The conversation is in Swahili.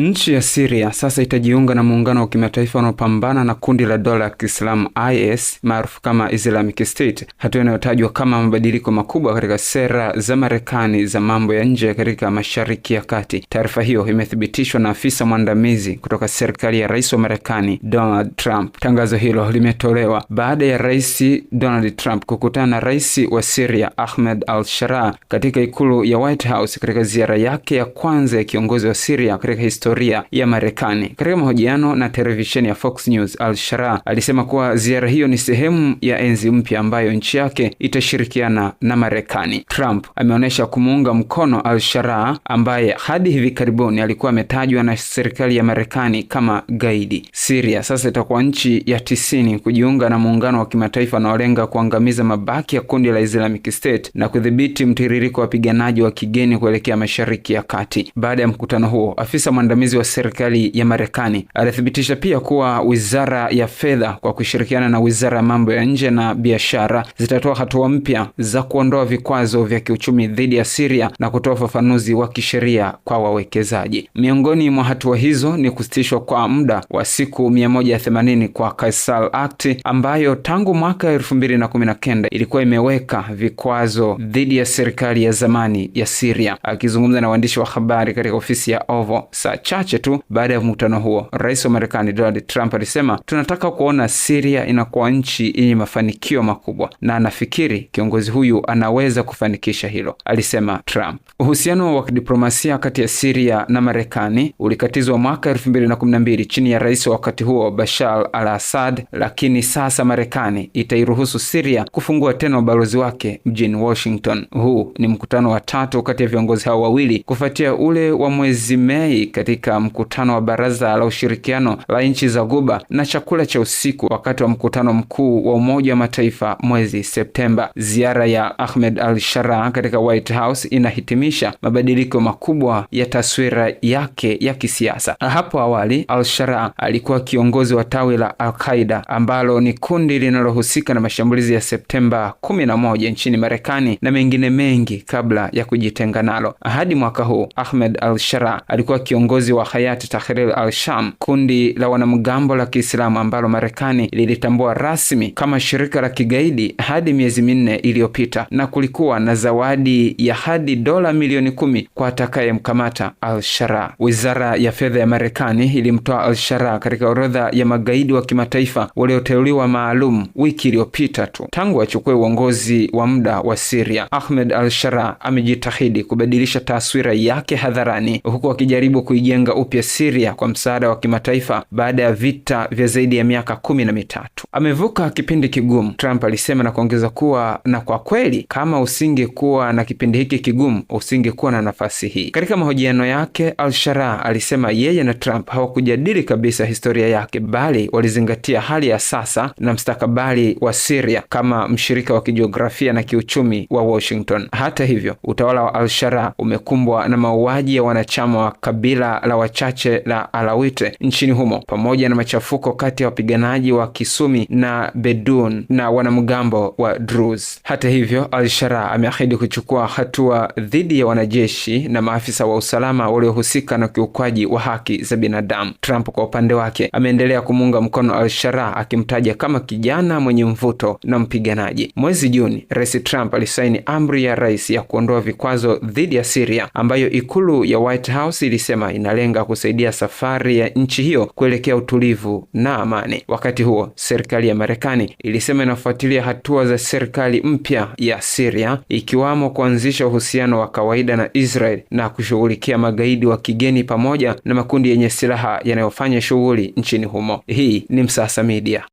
Nchi ya Siria sasa itajiunga na muungano wa kimataifa unaopambana na kundi la dola ya Kiislamu IS maarufu kama Islamic State, hatua inayotajwa kama mabadiliko makubwa katika sera za Marekani za mambo ya nje katika Mashariki ya Kati. Taarifa hiyo imethibitishwa na afisa mwandamizi kutoka serikali ya rais wa Marekani Donald Trump. Tangazo hilo limetolewa baada ya Rais Donald Trump kukutana na rais wa Siria Ahmed al sharah katika ikulu ya White House katika ziara yake ya kwanza ya kiongozi wa Siria katika historia historia ya Marekani. Katika mahojiano na televisheni ya Fox News, al shara alisema kuwa ziara hiyo ni sehemu ya enzi mpya ambayo nchi yake itashirikiana na Marekani. Trump ameonyesha kumuunga mkono al shara ambaye hadi hivi karibuni alikuwa ametajwa na serikali ya Marekani kama gaidi. Siria sasa itakuwa nchi ya tisini kujiunga na muungano wa kimataifa unaolenga kuangamiza mabaki ya kundi la Islamic State na kudhibiti mtiririko wa wapiganaji wa kigeni kuelekea Mashariki ya Kati. Baada ya mkutano huo, afisa mwandamizi mwandamizi wa serikali ya Marekani. Alithibitisha pia kuwa wizara ya fedha kwa kushirikiana na wizara ya mambo ya nje na biashara zitatoa hatua mpya za kuondoa vikwazo vya kiuchumi dhidi ya Siria na kutoa ufafanuzi wa kisheria kwa wawekezaji. Miongoni mwa hatua hizo ni kusitishwa kwa muda wa siku 180 kwa Kaisal Act ambayo tangu mwaka 2019 ilikuwa imeweka vikwazo dhidi ya serikali ya zamani ya Siria. Akizungumza na waandishi wa habari katika ofisi ya Oval chache tu baada ya mkutano huo, rais wa Marekani Donald Trump alisema tunataka kuona Siria inakuwa nchi yenye mafanikio makubwa, na anafikiri kiongozi huyu anaweza kufanikisha hilo, alisema Trump. Uhusiano wa kidiplomasia kati ya Siria na Marekani ulikatizwa mwaka 212 chini ya rais wa wakati huo Bashar al Assad, lakini sasa Marekani itairuhusu Siria kufungua tena ubalozi wake mjini Washington. Huu ni mkutano wa tatu kati ya viongozi hao wawili kufuatia ule wa mwezi Mei kati katika mkutano wa Baraza la Ushirikiano la Nchi za guba na chakula cha usiku wakati wa mkutano mkuu wa Umoja wa Mataifa mwezi Septemba. Ziara ya Ahmed al Shara katika White House inahitimisha mabadiliko makubwa ya taswira yake ya kisiasa. Hapo awali, al Shara alikuwa kiongozi wa tawi la Al-Qaida ambalo ni kundi linalohusika na mashambulizi ya Septemba 11 nchini Marekani na mengine mengi kabla ya kujitenga nalo. Hadi mwaka huu Ahmed al Shara alikuwa kiongozi kiongozi wa Hayati Tahrir al-Sham, kundi la wanamgambo la Kiislamu ambalo Marekani lilitambua rasmi kama shirika la kigaidi hadi miezi minne iliyopita, na kulikuwa na zawadi ya hadi dola milioni kumi kwa atakayemkamata al-Shara. Wizara ya fedha ya Marekani ilimtoa al-Shara katika orodha ya magaidi wa kimataifa walioteuliwa maalum wiki iliyopita tu. Tangu achukue uongozi wa muda wa siria Ahmed al-Shara amejitahidi kubadilisha taswira yake hadharani huku akijaribu kuij kuijenga upya Syria kwa msaada wa kimataifa baada ya vita vya zaidi ya miaka kumi na mitatu. Amevuka kipindi kigumu, Trump alisema na kuongeza kuwa, na kwa kweli kama usingekuwa na kipindi hiki kigumu, usingekuwa na nafasi hii. Katika mahojiano yake, al shara alisema yeye na Trump hawakujadili kabisa historia yake, bali walizingatia hali ya sasa na mstakabali wa Siria kama mshirika wa kijiografia na kiuchumi wa Washington. Hata hivyo, utawala wa al shara umekumbwa na mauaji ya wanachama wa kabila la wachache la Alawite nchini humo pamoja na machafuko kati ya wapiganaji wa Kisumi na Bedun na wanamgambo wa Druze. Hata hivyo, Al-Sharaa ameahidi kuchukua hatua dhidi ya wanajeshi na maafisa wa usalama waliohusika na ukiukwaji wa haki za binadamu. Trump kwa upande wake ameendelea kumuunga mkono Al-Sharaa akimtaja kama kijana mwenye mvuto na mpiganaji. Mwezi Juni, Rais Trump alisaini amri ya rais ya kuondoa vikwazo dhidi ya siria ambayo ikulu ya White House ilisema ina inalenga kusaidia safari ya nchi hiyo kuelekea utulivu na amani. Wakati huo, serikali ya Marekani ilisema inafuatilia hatua za serikali mpya ya siria ikiwamo kuanzisha uhusiano wa kawaida na Israel na kushughulikia magaidi wa kigeni pamoja na makundi yenye silaha yanayofanya shughuli nchini humo. Hii ni Msasa Media.